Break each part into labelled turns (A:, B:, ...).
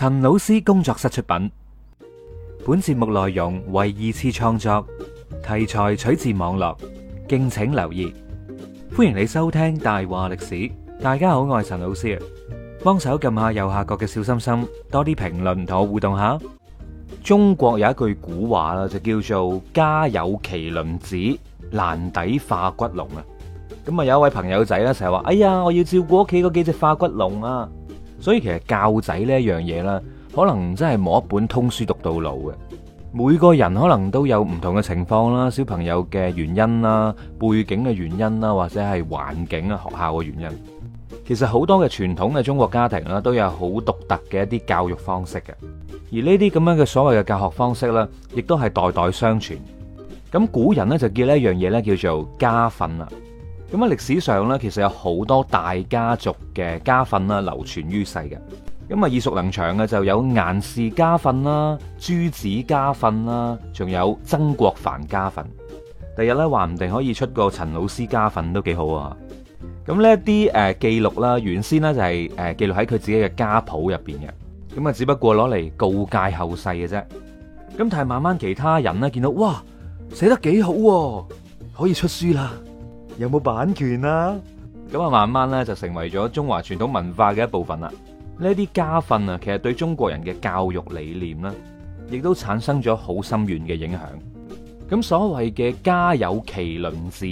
A: 陳老師工作室出品，本節目內容為二次創作，題材取自網絡，敬請留意。歡迎你收聽大話歷史。大家好，我係陳老師啊，幫手撳下右下角嘅小心心，多啲評論同我互動下。中國有一句古話啦，就叫做家有麒麟子，難抵化骨龍啊。咁啊，有一位朋友仔咧成日話：哎呀，我要照顧屋企嗰幾隻化骨龍啊！所以其實教仔呢樣嘢啦，可能真係冇一本通書讀到老嘅。每個人可能都有唔同嘅情況啦，小朋友嘅原因啦、背景嘅原因啦，或者係環境啊、學校嘅原因。其實好多嘅傳統嘅中國家庭啦，都有好獨特嘅一啲教育方式嘅。而呢啲咁樣嘅所謂嘅教學方式咧，亦都係代代相傳。咁古人呢，就叫呢一樣嘢呢，叫做家訓啦。咁喺歷史上咧，其實有好多大家族嘅家訓啦，流傳於世嘅。咁啊，耳熟能詳嘅就有顏氏家訓啦、朱子家訓啦，仲有曾國藩家訓。第日咧，話唔定可以出個陳老師家訓都幾好啊！咁呢一啲誒記錄啦，原先咧就係、是、誒、呃、記錄喺佢自己嘅家譜入邊嘅。咁啊，只不過攞嚟告誡後世嘅啫。咁但係慢慢其他人咧見到，哇，寫得幾好，啊，可以出書啦。有冇版權啊？咁啊，慢慢咧就成為咗中華傳統文化嘅一部分啦。呢一啲家訓啊，其實對中國人嘅教育理念啦，亦都產生咗好深遠嘅影響。咁所謂嘅家有麒麟子，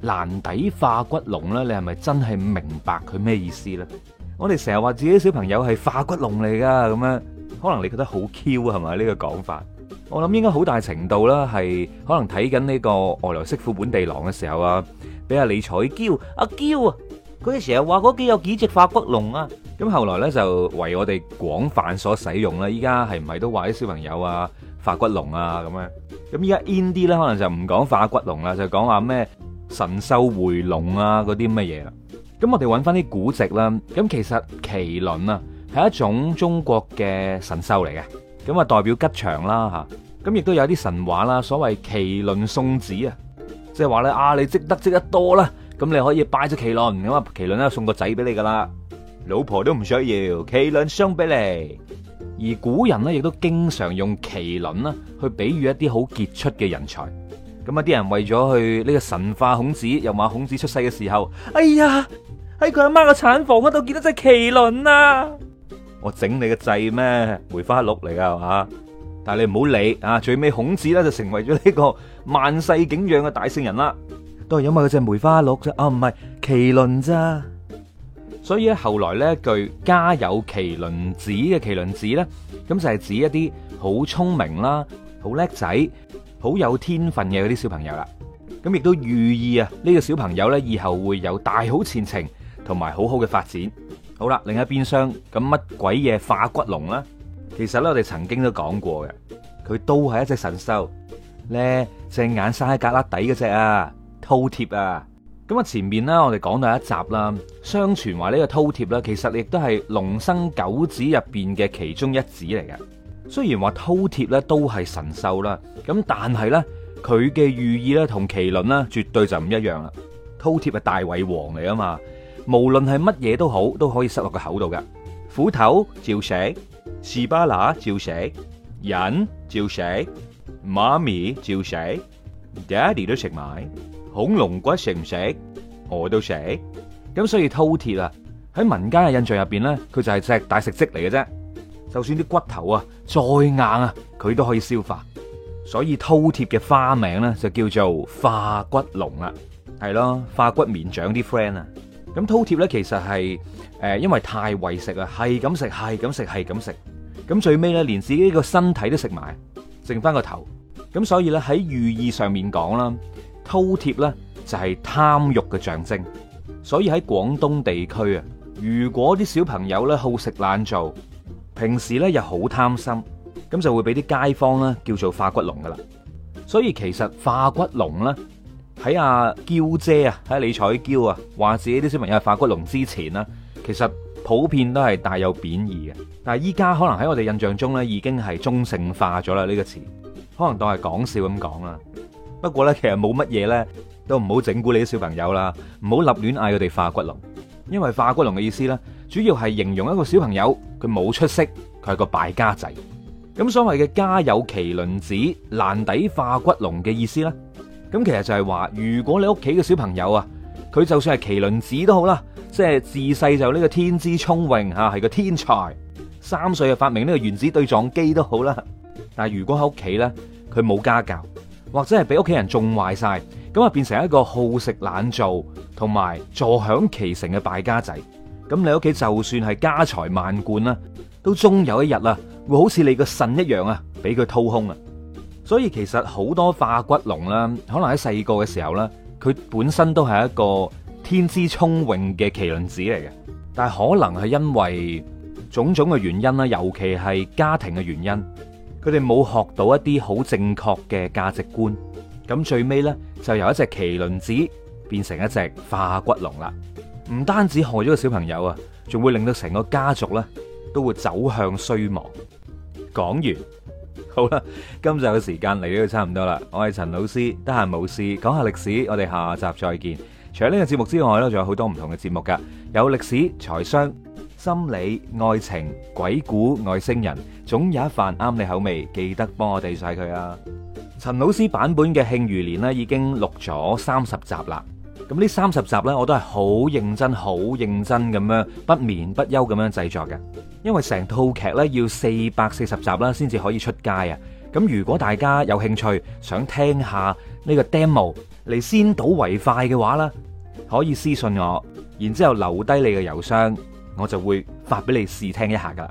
A: 難抵化骨龍咧，你係咪真係明白佢咩意思呢？我哋成日話自己小朋友係化骨龍嚟噶，咁樣可能你覺得好 Q 啊？係咪呢個講法？我諗應該好大程度啦，係可能睇緊呢個外來媳婦本地郎嘅時候啊。俾阿李彩嬌，阿嬌啊，佢哋成日話嗰幾有幾隻化骨龍啊，咁後來咧就為我哋廣泛所使用啦。依家係唔係都話啲小朋友啊，化骨龍啊咁樣？咁依家 in 啲咧，可能就唔講化骨龍啦，就講話咩神獸回龍啊嗰啲乜嘢啦。咁我哋揾翻啲古籍啦。咁其實麒麟啊係一種中國嘅神獸嚟嘅，咁啊代表吉祥啦吓。咁亦都有啲神話啦，所謂麒麟送子啊。即係話咧，啊你積得積得多啦，咁你可以拜咗麒麟，咁啊麒麟咧送個仔俾你噶啦，老婆都唔需要，麒麟相比你。而古人咧亦都經常用麒麟啦去比喻一啲好傑出嘅人才。咁啊啲人為咗去呢個神化孔子，又話孔子出世嘅時候，哎呀喺佢阿媽個產房嗰度見到隻麒麟啊！我整你個掣咩？梅花鹿嚟噶啊！但係你唔好理啊！最尾孔子咧就成為咗呢個萬世景仰嘅大聖人啦，都係因為佢隻梅花鹿啫啊，唔係麒麟咋。所以咧後來呢一句家有麒麟子嘅麒麟子咧，咁就係指一啲好聰明啦、好叻仔、好有天分嘅嗰啲小朋友啦。咁亦都寓意啊，呢個小朋友咧以後會有大好前程同埋好好嘅發展。好啦，另一邊廂，咁乜鬼嘢化骨龍啦？其實咧，我哋曾經都講過嘅，佢都係一隻神獸咧，隻，隻眼生喺胳肋底嗰隻啊，饕餮啊。咁啊，前面咧，我哋講到一集啦，相傳話呢個饕餮咧，其實亦都係龍生九子入邊嘅其中一子嚟嘅。雖然話饕餮咧都係神獸啦，咁但係咧，佢嘅寓意咧同麒麟啦絕對就唔一樣啦。饕餮係大胃王嚟啊嘛，無論係乜嘢都好，都可以塞落個口度噶，斧頭照食。.士巴拿照食，人照食，媽咪照食，爹哋都食埋，恐龍骨食唔食？我都食。咁所以饕餮啊，喺民間嘅印象入邊咧，佢就係隻大食積嚟嘅啫。就算啲骨頭啊再硬啊，佢都可以消化。所以饕餮嘅花名咧就叫做化骨龍啦，係咯，化骨綿長啲 friend 啊。咁饕餮咧，其實係誒，因為太為食啦，係咁食，係咁食，係咁食，咁最尾咧，連自己個身體都食埋，剩翻個頭。咁所以咧，喺寓意上面講啦，饕餮咧就係貪欲嘅象徵。所以喺廣東地區啊，如果啲小朋友咧好食懶做，平時咧又好貪心，咁就會俾啲街坊咧叫做化骨龍噶啦。所以其實化骨龍咧。喺阿嬌姐啊，喺李彩嬌啊，話自己啲小朋友係化骨龍之前啦，其實普遍都係帶有貶義嘅。但係依家可能喺我哋印象中呢，已經係中性化咗啦。呢個詞可能當係講笑咁講啦。不過呢，其實冇乜嘢呢，都唔好整蠱你啲小朋友啦，唔好立亂嗌佢哋化骨龍，因為化骨龍嘅意思呢，主要係形容一個小朋友佢冇出息，佢係個敗家仔。咁所謂嘅家有麒麟子，難抵化骨龍嘅意思呢。咁其實就係話，如果你屋企嘅小朋友啊，佢就算係麒麟子都好啦，即係自細就呢個天資聰穎啊，係個天才，三歲就發明呢個原子對撞機都好啦。但係如果喺屋企呢，佢冇家教，或者係俾屋企人縱壞晒，咁就變成一個好食懶做，同埋坐享其成嘅敗家仔。咁你屋企就算係家財萬貫啦，都終有一日啦，會好似你個腎一樣啊，俾佢掏空啊！所以其實好多化骨龍啦，可能喺細個嘅時候咧，佢本身都係一個天資聰穎嘅麒麟子嚟嘅，但係可能係因為種種嘅原因啦，尤其係家庭嘅原因，佢哋冇學到一啲好正確嘅價值觀，咁最尾呢，就由一隻麒麟子變成一隻化骨龍啦。唔單止害咗個小朋友啊，仲會令到成個家族呢都會走向衰亡。講完。好啦，今日嘅時間嚟到差唔多啦，我係陳老師，得閒冇事講下歷史，我哋下集再見。除咗呢個節目之外咧，仲有好多唔同嘅節目噶，有歷史、財商、心理、愛情、鬼故、外星人，總有一瓣啱你口味，記得幫我哋訂閱晒佢啊！陳老師版本嘅《慶餘年》咧已經錄咗三十集啦。咁呢三十集呢，我都係好認真、好認真咁樣不眠不休咁樣製作嘅。因為成套劇呢，要四百四十集啦，先至可以出街啊。咁如果大家有興趣想聽下呢個 demo 嚟，先睹為快嘅話啦，可以私信我，然之後留低你嘅郵箱，我就會發俾你試聽一下噶。